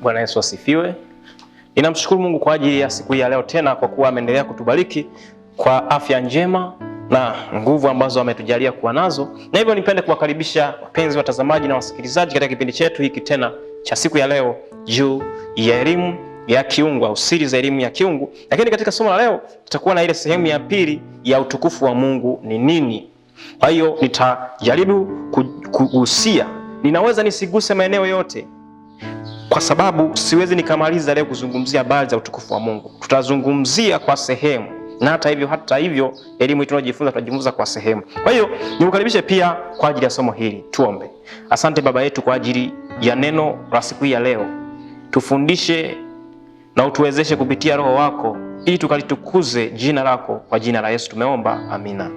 Bwana Yesu asifiwe. Ninamshukuru Mungu kwa ajili ya siku hii ya leo tena kwa kuwa ameendelea kutubariki kwa afya njema na nguvu ambazo ametujalia kuwa nazo, na hivyo nipende kuwakaribisha wapenzi watazamaji na wasikilizaji katika kipindi chetu hiki tena cha siku ya leo juu ya elimu ya kiungu au siri za elimu ya kiungu. Lakini katika somo la leo tutakuwa na ile sehemu ya pili ya utukufu wa Mungu ni nini. Kwa hiyo nitajaribu kugusia, ninaweza nisiguse maeneo yote kwa sababu siwezi nikamaliza leo kuzungumzia habari za utukufu wa Mungu. Tutazungumzia kwa sehemu, na hata hivyo, hata hivyo elimu tunayojifunza tutajifunza kwa sehemu. Kwa hiyo nikukaribishe pia kwa ajili ya somo hili. Tuombe. Asante Baba yetu kwa ajili ya neno la siku hii ya leo, tufundishe na utuwezeshe kupitia Roho wako ili tukalitukuze jina lako. Kwa jina la Yesu tumeomba, amina.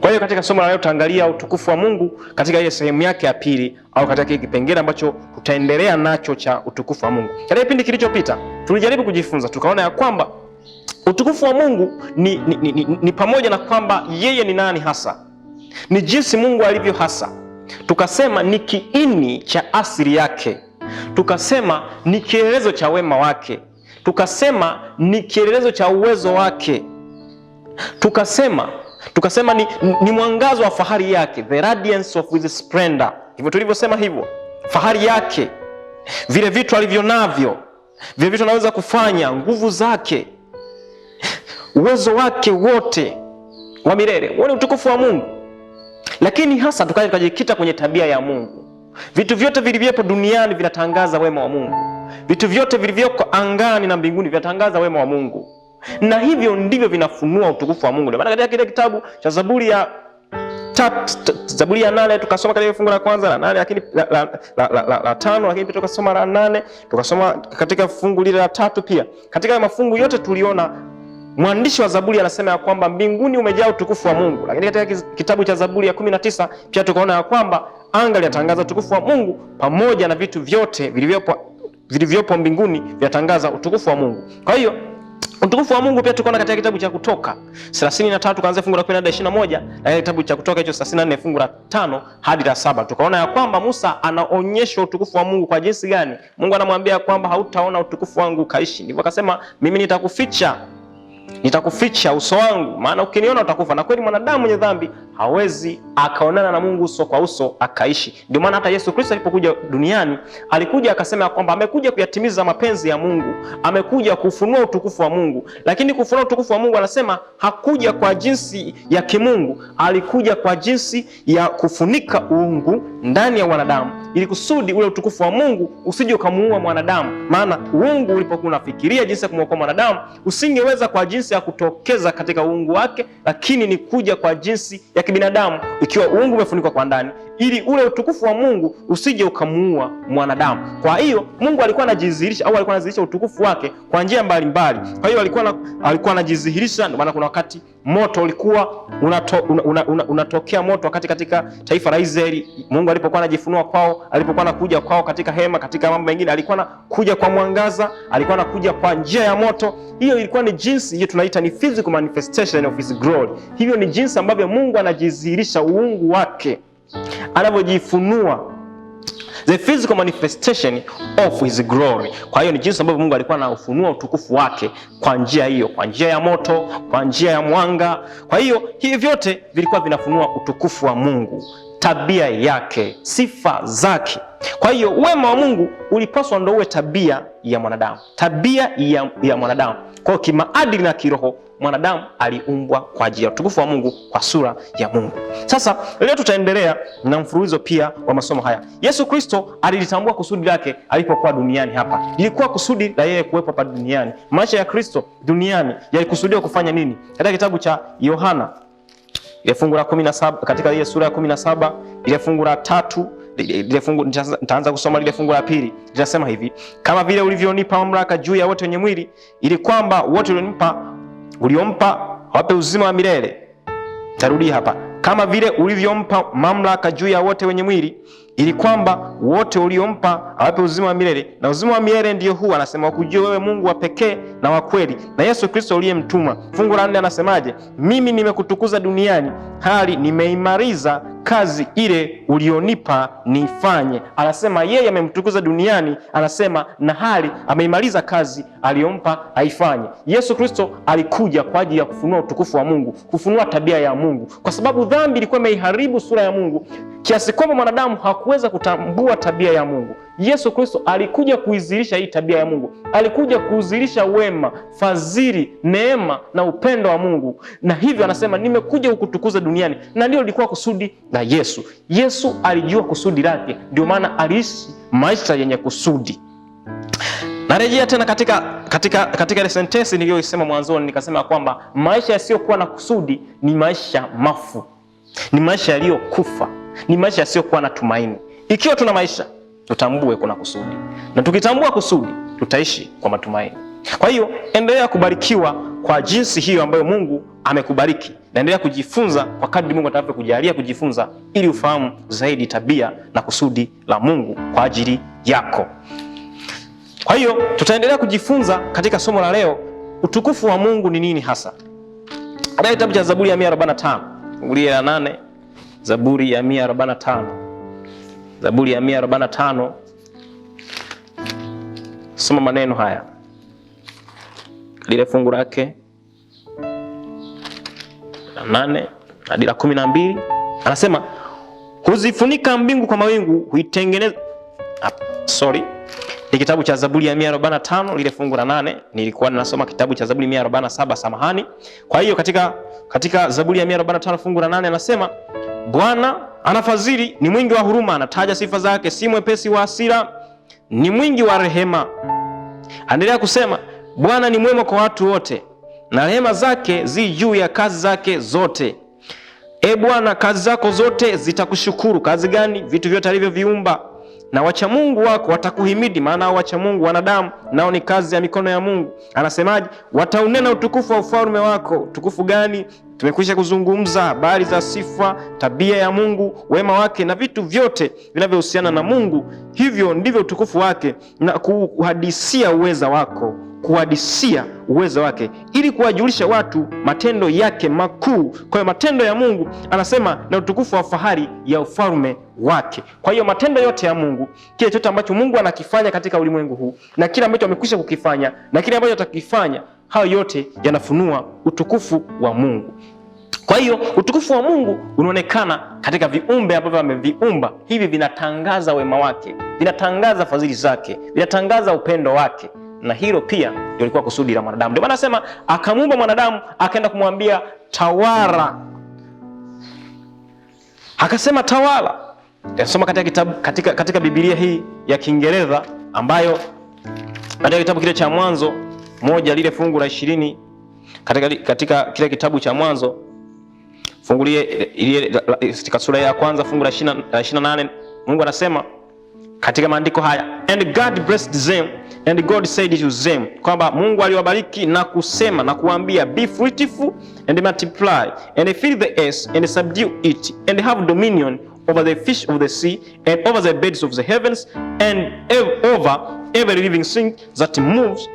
Kwa hiyo katika somo la leo tutaangalia utukufu wa Mungu katika ile sehemu yake ya pili, au katika kile kipengele ambacho tutaendelea nacho cha utukufu wa Mungu. Katika kipindi kilichopita tulijaribu kujifunza, tukaona ya kwamba utukufu wa Mungu ni, ni, ni, ni, ni pamoja na kwamba yeye ni nani hasa, ni jinsi Mungu alivyo hasa, tukasema ni kiini cha asili yake, tukasema ni kielelezo cha wema wake, tukasema ni kielelezo cha uwezo wake, tukasema tukasema ni, ni mwangazo wa fahari yake, the radiance of his splendor. Hivyo tulivyosema hivyo, fahari yake, vile vitu alivyo navyo, vile vitu anaweza kufanya, nguvu zake, uwezo wake wote wa milele, huo ni utukufu wa Mungu. Lakini hasa tukaja tukajikita kwenye tabia ya Mungu. Vitu vyote vilivyopo duniani vinatangaza wema wa Mungu, vitu vyote vilivyoko angani na mbinguni vinatangaza wema wa Mungu na hivyo ndivyo vinafunua utukufu wa Mungu. Ndio maana katika kile kitabu cha Zaburi ya Zaburi ya nane tukasoma katika fungu la kwanza la nane lakini la, la, la, la, la, la tano lakini pia tukasoma la nane tukasoma katika fungu lile la tatu pia. Katika mafungu yote tuliona mwandishi wa Zaburi anasema ya kwamba mbinguni umejaa utukufu wa Mungu, lakini katika kitabu cha Zaburi ya kumi na tisa pia tukaona ya kwamba anga linatangaza utukufu wa Mungu pamoja na vitu vyote vilivyopo vilivyopo mbinguni vyatangaza utukufu wa Mungu. Kwa hiyo Utukufu wa Mungu pia tukaona katika kitabu cha Kutoka 33 kuanzia fungu la 10 hadi 21 na kitabu cha Kutoka hicho 34 fungu la 5 hadi la 7. Tukaona ya kwamba Musa anaonyesha utukufu wa Mungu kwa jinsi gani. Mungu anamwambia kwamba hautaona utukufu wangu ukaishi. Ndivyo akasema mimi nitakuficha nitakuficha uso wangu, maana ukiniona utakufa. Na kweli mwanadamu mwenye dhambi hawezi akaonana na Mungu uso kwa uso akaishi. Ndio maana hata Yesu Kristo alipokuja duniani alikuja akasema kwamba amekuja kuyatimiza mapenzi ya Mungu, amekuja kufunua utukufu wa Mungu. Lakini kufunua utukufu wa Mungu anasema hakuja kwa jinsi ya kimungu, alikuja kwa jinsi ya kufunika uungu ndani ya wanadamu, ili kusudi ule utukufu wa Mungu usije ukamuua mwanadamu. Maana uungu ulipokuwa unafikiria jinsi ya kumwokoa mwanadamu usingeweza kwa jinsi jinsi ya kutokeza katika uungu wake, lakini ni kuja kwa jinsi ya kibinadamu, ikiwa uungu umefunikwa kwa ndani ili ule utukufu wa Mungu usije ukamuua mwanadamu. Kwa hiyo Mungu alikuwa anajidhihirisha au alikuwa anadhihirisha utukufu wake kwa njia mbalimbali. Kwa hiyo alikuwa na, alikuwa anajidhihirisha. Ndio maana kuna wakati moto ulikuwa unato, una, una, una, unatokea moto wakati katika taifa la Israeli Mungu alipokuwa anajifunua kwao, alipokuwa anakuja kwao katika hema, katika mambo mengine, alikuwa anakuja kwa mwangaza, alikuwa anakuja kwa njia ya moto. Hiyo ilikuwa ni jinsi hiyo, tunaita ni physical manifestation of his glory. Hivyo ni jinsi ambavyo Mungu anajidhihirisha uungu wake anavyojifunua the physical manifestation of his glory. Kwa hiyo ni jinsi ambavyo Mungu alikuwa anaufunua utukufu wake kwa njia hiyo, kwa njia ya moto, kwa njia ya mwanga. Kwa hiyo hivi vyote vilikuwa vinafunua utukufu wa Mungu tabia yake, sifa zake. Kwa hiyo wema wa Mungu ulipaswa ndo uwe tabia ya mwanadamu, tabia ya, ya mwanadamu. Kwa hiyo kimaadili na kiroho mwanadamu aliumbwa kwa ajili ya utukufu wa Mungu kwa sura ya Mungu. Sasa leo tutaendelea na mfululizo pia wa masomo haya. Yesu Kristo alilitambua kusudi lake alipokuwa duniani hapa. Lilikuwa kusudi la yeye kuwepo hapa duniani. Maisha ya Kristo duniani yalikusudiwa kufanya nini? Katika kitabu cha Yohana ile fungu la 17 katika ile sura ya 17 ile fungu la tatu ile fungu nitaanza kusoma lile fungu la pili linasema hivi, kama vile ulivyonipa mamlaka juu ya wote wenye mwili, ili kwamba wote ulionipa uliompa wape uzima wa milele. tarudi hapa, kama vile ulivyompa mamlaka juu ya wote wenye mwili ili kwamba wote uliompa awape uzima wa milele, na uzima wa milele ndiyo huu anasema, wakujue wewe Mungu wa pekee na wa kweli, na Yesu Kristo uliyemtuma. Fungu la nne anasemaje? Mimi nimekutukuza duniani hali nimeimaliza kazi ile ulionipa nifanye Anasema yeye amemtukuza duniani, anasema na hali ameimaliza kazi aliyompa aifanye. Yesu Kristo alikuja kwa ajili ya kufunua utukufu wa Mungu, kufunua tabia ya Mungu, kwa sababu dhambi ilikuwa imeiharibu sura ya Mungu kiasi kwamba mwanadamu hakuweza kutambua tabia ya Mungu. Yesu Kristo alikuja kuizilisha hii tabia ya Mungu, alikuja kuuzilisha wema, fadhili, neema na upendo wa Mungu, na hivyo anasema nimekuja kukutukuza duniani, na ndio lilikuwa kusudi la Yesu. Yesu alijua kusudi lake, ndio maana aliishi maisha yenye kusudi. Narejea tena katika katika katika ile sentensi niliyoisema mwanzoni, nikasema kwamba maisha yasiyokuwa na kusudi ni maisha mafu, ni maisha yaliyokufa ni maisha yasiyokuwa na tumaini. Ikiwa tuna maisha, tutambue kuna kusudi, na tukitambua kusudi, tutaishi kwa matumaini. Kwa hiyo endelea kubarikiwa kwa jinsi hiyo ambayo Mungu amekubariki, na endelea kujifunza kwa kadri Mungu atakavyo kujalia kujifunza, ili ufahamu zaidi tabia na kusudi la Mungu kwa ajili yako. Kwa hiyo tutaendelea kujifunza katika somo la leo, utukufu wa Mungu ni nini hasa, baada ya kitabu cha Zaburi ya 145 fungu la 8 Zaburi ya 145. Zaburi ya 145. Soma maneno haya, lile fungu lake la nane hadi la kumi na mbili anasema huzifunika mbingu kwa mawingu, huitengeneza. Ah, sorry, ni kitabu cha Zaburi ya 145 lile fungu la nane. Nilikuwa ninasoma kitabu cha Zaburi 147, samahani. Kwa hiyo katika, katika Zaburi ya 145 fungu la nane anasema Bwana anafadhili, ni mwingi wa huruma, anataja sifa zake, si mwepesi wa hasira, ni mwingi wa rehema. Anaendelea kusema, Bwana ni mwema kwa watu wote, na rehema zake zi juu ya kazi zake zote. E Bwana, kazi zako zote zitakushukuru. Kazi gani? Vitu vyote alivyoviumba na wacha mungu wako watakuhimidi, maana wacha mungu wanadamu nao ni kazi ya mikono ya Mungu. Anasemaje? wataunena utukufu wa ufalme wako. Utukufu gani? Tumekwisha kuzungumza habari za sifa, tabia ya Mungu, wema wake na vitu vyote vinavyohusiana na Mungu. Hivyo ndivyo utukufu wake na kuhadisia uweza wako kuhadisia uwezo wake ili kuwajulisha watu matendo yake makuu. Kwa hiyo matendo ya Mungu anasema na utukufu wa fahari ya ufalme wake. Kwa hiyo matendo yote ya Mungu, kile chote ambacho Mungu anakifanya katika ulimwengu huu na kile ambacho amekwisha kukifanya na kile ambacho atakifanya, hayo yote yanafunua utukufu wa Mungu. Kwa hiyo utukufu wa Mungu unaonekana katika viumbe ambavyo ameviumba. Hivi vinatangaza wema wake, vinatangaza fadhili zake, vinatangaza upendo wake na hilo pia ndio lilikuwa kusudi la mwanadamu. Ndio maana anasema akamuumba mwanadamu, akaenda kumwambia tawala, akasema tawala. Soma katika kitabu, katika, katika Biblia hii ya Kiingereza ambayo katika kitabu kile cha Mwanzo moja lile fungu la ishirini katika, katika kile kitabu cha Mwanzo fungulie ile katika sura ya kwanza fungu la 28 Mungu anasema katika maandiko haya, and God blessed them And God said to them, kwamba Mungu aliwabariki na kusema na kuambia, be fruitful and multiply and fill the earth and subdue it and have dominion over the fish of the sea and over the birds of the heavens and over every living thing that moves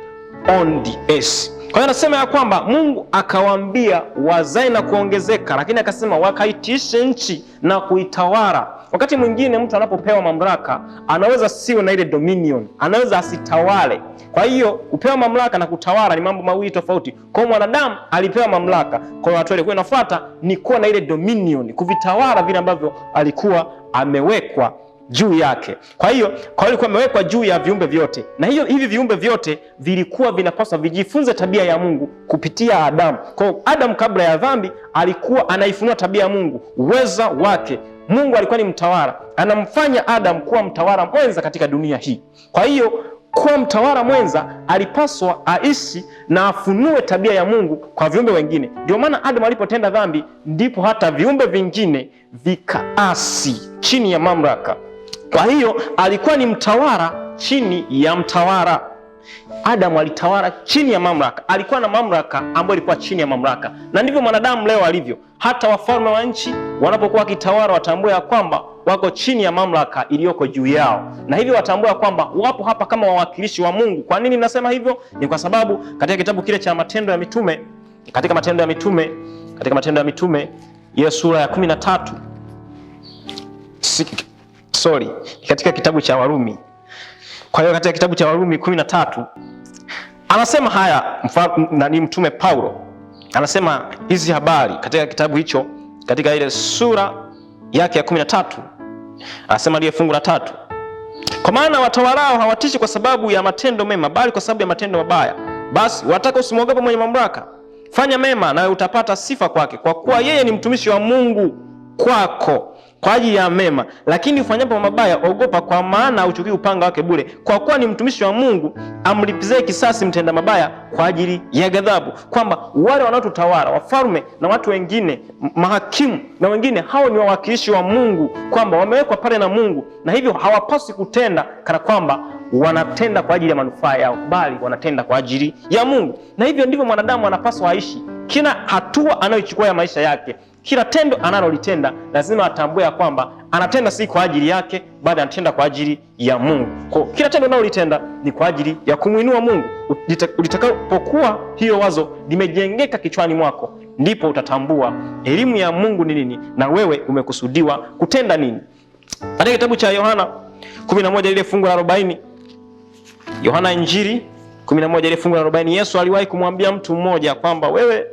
on the earth. Kwa hiyo anasema ya kwamba Mungu akawaambia wazae na kuongezeka, lakini akasema wakaitishe nchi na kuitawala Wakati mwingine mtu anapopewa mamlaka anaweza siwe na ile dominion, anaweza asitawale. Kwa hiyo kupewa mamlaka na kutawala ni mambo mawili tofauti. Kwa mwanadamu alipewa mamlaka, kwa watu wale, kwa inafuata ni kuwa na ile dominion, kuvitawala vile ambavyo alikuwa amewekwa juu yake. Kwa hiyo kwa alikuwa amewekwa juu ya viumbe vyote, na hiyo hivi viumbe vyote vilikuwa vinapaswa vijifunze tabia ya Mungu kupitia Adamu. Kwa hiyo Adamu kabla ya dhambi alikuwa anaifunua tabia ya Mungu, uweza wake Mungu alikuwa ni mtawala, anamfanya Adam kuwa mtawala mwenza katika dunia hii. Kwa hiyo kuwa mtawala mwenza alipaswa aishi na afunue tabia ya Mungu kwa viumbe wengine. Ndio maana Adamu alipotenda dhambi, ndipo hata viumbe vingine vikaasi chini ya mamlaka. Kwa hiyo alikuwa ni mtawala chini ya mtawala. Adamu alitawala chini ya mamlaka, alikuwa na mamlaka ambayo ilikuwa chini ya mamlaka, na ndivyo mwanadamu leo alivyo. Hata wafalme wa nchi wanapokuwa wakitawala, watambue ya kwamba wako chini ya mamlaka iliyoko juu yao, na hivyo watambue ya kwamba wapo hapa kama wawakilishi wa Mungu. Kwa nini nasema hivyo? Ni kwa sababu katika kitabu kile cha Matendo ya Mitume, katika Matendo ya Mitume, katika Matendo ya Mitume ile sura ya 13 sorry, katika kitabu cha Warumi. Kwa hiyo katika kitabu cha Warumi Anasema haya nani, mtume Paulo anasema hizi habari katika kitabu hicho, katika ile sura yake ya 13 anasema ile fungu la tatu, kwa maana watawalao hawatishi kwa sababu ya matendo mema, bali kwa sababu ya matendo mabaya. Basi wataka usimwogope mwenye mamlaka, fanya mema, nawe utapata sifa kwake, kwa kuwa yeye ni mtumishi wa Mungu kwako kwa ajili ya mema, lakini ufanyapo mabaya ogopa, kwa maana auchukii upanga wake bure, kwa kuwa ni mtumishi wa Mungu, amlipizie kisasi mtenda mabaya kwa ajili ya ghadhabu. Kwamba wale wanaotutawala wafalme na watu wengine, mahakimu na wengine, hao ni wawakilishi wa Mungu, kwamba wamewekwa pale na Mungu, na hivyo hawapaswi kutenda kana kwamba wanatenda kwa ajili ya manufaa yao, bali wanatenda kwa ajili ya Mungu. Na hivyo ndivyo mwanadamu anapaswa aishi, kila hatua anayochukua ya maisha yake kila tendo analolitenda lazima atambue ya kwamba anatenda si kwa ajili yake, bali anatenda kwa ajili ya Mungu. Kwa kila tendo unalolitenda ni kwa ajili ya kumwinua Mungu. Litakapokuwa hiyo wazo limejengeka kichwani mwako, ndipo utatambua elimu ya Mungu ni nini na wewe umekusudiwa kutenda nini. Katika kitabu cha Yohana 11 ile fungu la 40, Yohana Injili 11 ile fungu la 40, Yesu aliwahi kumwambia mtu mmoja kwamba wewe,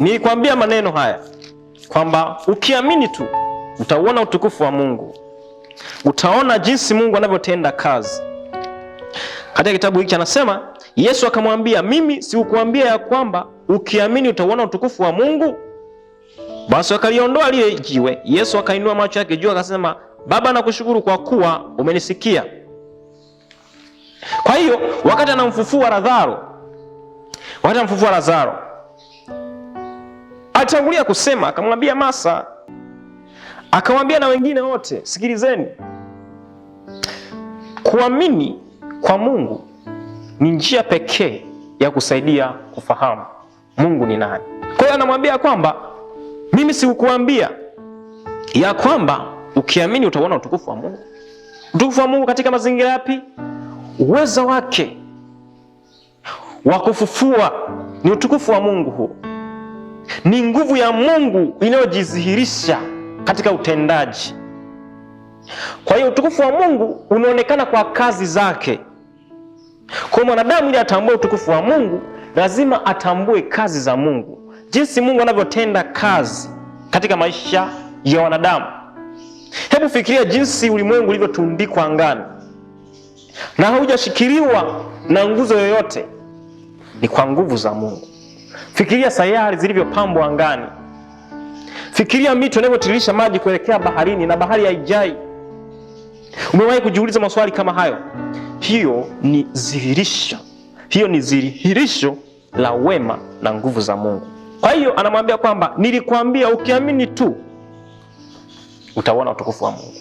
nilikwambia maneno haya kwamba ukiamini tu utauona utukufu wa Mungu, utaona jinsi Mungu anavyotenda kazi. Katika kitabu hiki anasema Yesu akamwambia, mimi sikukuambia ya kwamba ukiamini utauona utukufu wa Mungu? Basi wakaliondoa lile jiwe. Yesu akainua macho yake juu akasema, Baba, nakushukuru kwa kuwa umenisikia. Kwa hiyo wakati anamfufua Lazaro, wakati anamfufua Lazaro Alitangulia kusema akamwambia Masa, akamwambia na wengine wote, sikilizeni, kuamini kwa Mungu ni njia pekee ya kusaidia kufahamu Mungu ni nani. Kwa hiyo anamwambia kwamba mimi sikukuambia ya kwamba ukiamini utauona utukufu wa Mungu. Utukufu wa Mungu katika mazingira yapi? Uwezo wake wa kufufua ni utukufu wa Mungu huu ni nguvu ya Mungu inayojidhihirisha katika utendaji. Kwa hiyo utukufu wa Mungu unaonekana kwa kazi zake. Kwa mwanadamu ili atambue utukufu wa Mungu lazima atambue kazi za Mungu, jinsi Mungu anavyotenda kazi katika maisha ya wanadamu. Hebu fikiria jinsi ulimwengu ulivyotundikwa angani na haujashikiliwa na nguzo yoyote, ni kwa nguvu za Mungu. Fikiria sayari zilivyopambwa angani. Fikiria mito inavyotiririsha maji kuelekea baharini na bahari haijai. Umewahi kujiuliza maswali kama hayo? Hiyo ni dhihirisho, hiyo ni dhihirisho la wema na nguvu za Mungu. Kwa hiyo anamwambia kwamba nilikwambia, ukiamini tu utaona utukufu wa Mungu.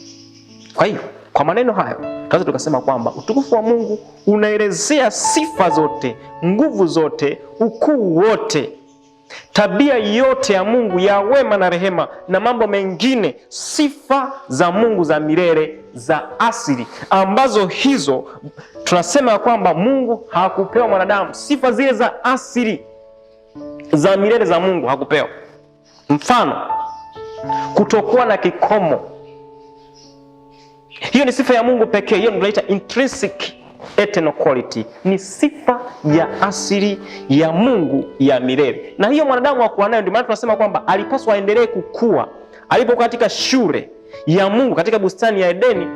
Kwa hiyo kwa maneno hayo tunaweza tukasema kwamba utukufu wa Mungu unaelezea sifa zote, nguvu zote, ukuu wote, tabia yote ya Mungu ya wema na rehema na mambo mengine, sifa za Mungu za milele za asili, ambazo hizo tunasema kwamba Mungu hakupewa mwanadamu. Sifa zile za asili za milele za Mungu hakupewa, mfano kutokuwa na kikomo hiyo ni sifa ya Mungu pekee, hiyo tunaita intrinsic eternal quality, ni sifa ya asili ya Mungu ya milele, na hiyo mwanadamu hakuwa nayo. Ndio maana tunasema kwamba alipaswa aendelee kukua. Alipokuwa katika shule ya Mungu katika bustani ya Edeni,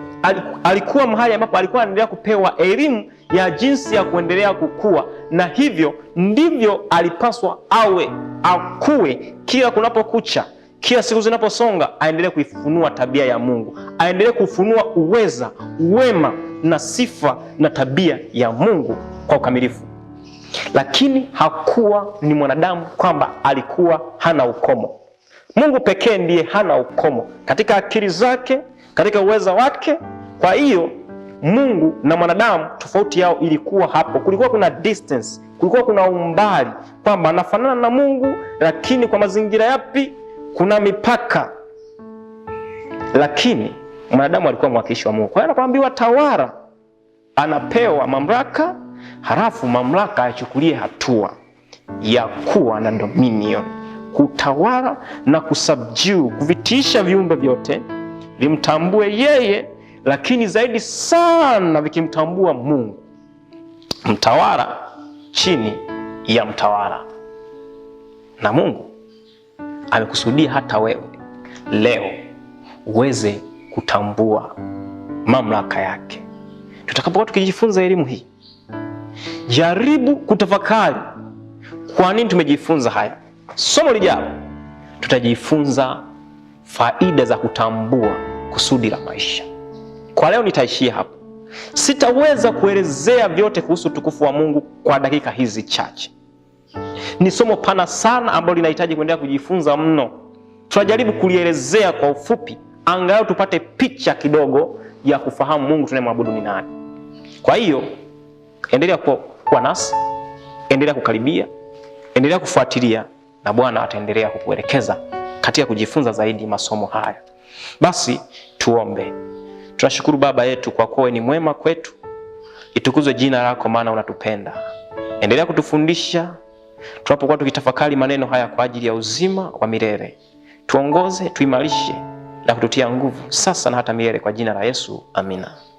alikuwa mahali ambapo alikuwa anaendelea kupewa elimu ya jinsi ya kuendelea kukua, na hivyo ndivyo alipaswa awe, akue kila kunapokucha kila siku zinaposonga, aendelee kuifunua tabia ya Mungu, aendelee kufunua uweza, wema na sifa na tabia ya Mungu kwa ukamilifu. Lakini hakuwa ni mwanadamu kwamba alikuwa hana ukomo. Mungu pekee ndiye hana ukomo katika akili zake, katika uweza wake. Kwa hiyo Mungu na mwanadamu tofauti yao ilikuwa hapo, kulikuwa kuna distance, kulikuwa kuna umbali kwamba anafanana na Mungu lakini kwa mazingira yapi? kuna mipaka, lakini mwanadamu alikuwa mwakilishi wa Mungu. Kwa hiyo anapoambiwa tawara, anapewa mamlaka, halafu mamlaka achukulie hatua ya kuwa na dominion, kutawala na kusubdue, kuvitiisha viumbe vyote vimtambue yeye, lakini zaidi sana vikimtambua Mungu, mtawala chini ya mtawala na Mungu amekusudia hata wewe leo uweze kutambua mamlaka yake. Tutakapokuwa tukijifunza elimu hii, jaribu kutafakari kwa nini tumejifunza haya. Somo lijalo tutajifunza faida za kutambua kusudi la maisha. Kwa leo nitaishia hapo, sitaweza kuelezea vyote kuhusu utukufu wa Mungu kwa dakika hizi chache ni somo pana sana ambalo linahitaji kuendelea kujifunza mno. Tunajaribu kulielezea kwa ufupi, angalau tupate picha kidogo ya kufahamu Mungu tunayemwabudu ni nani. Kwa hiyo endelea kuwa, kuwa nasi, endelea kukaribia, endelea kufuatilia na Bwana ataendelea kukuelekeza katika kujifunza zaidi masomo haya. Basi tuombe. Tunashukuru Baba yetu kwa kuwa ni mwema kwetu, itukuzwe jina lako, maana unatupenda. Endelea kutufundisha tunapokuwa tukitafakari maneno haya kwa ajili ya uzima wa milele. Tuongoze, tuimarishe na kututia nguvu sasa na hata milele, kwa jina la Yesu, amina.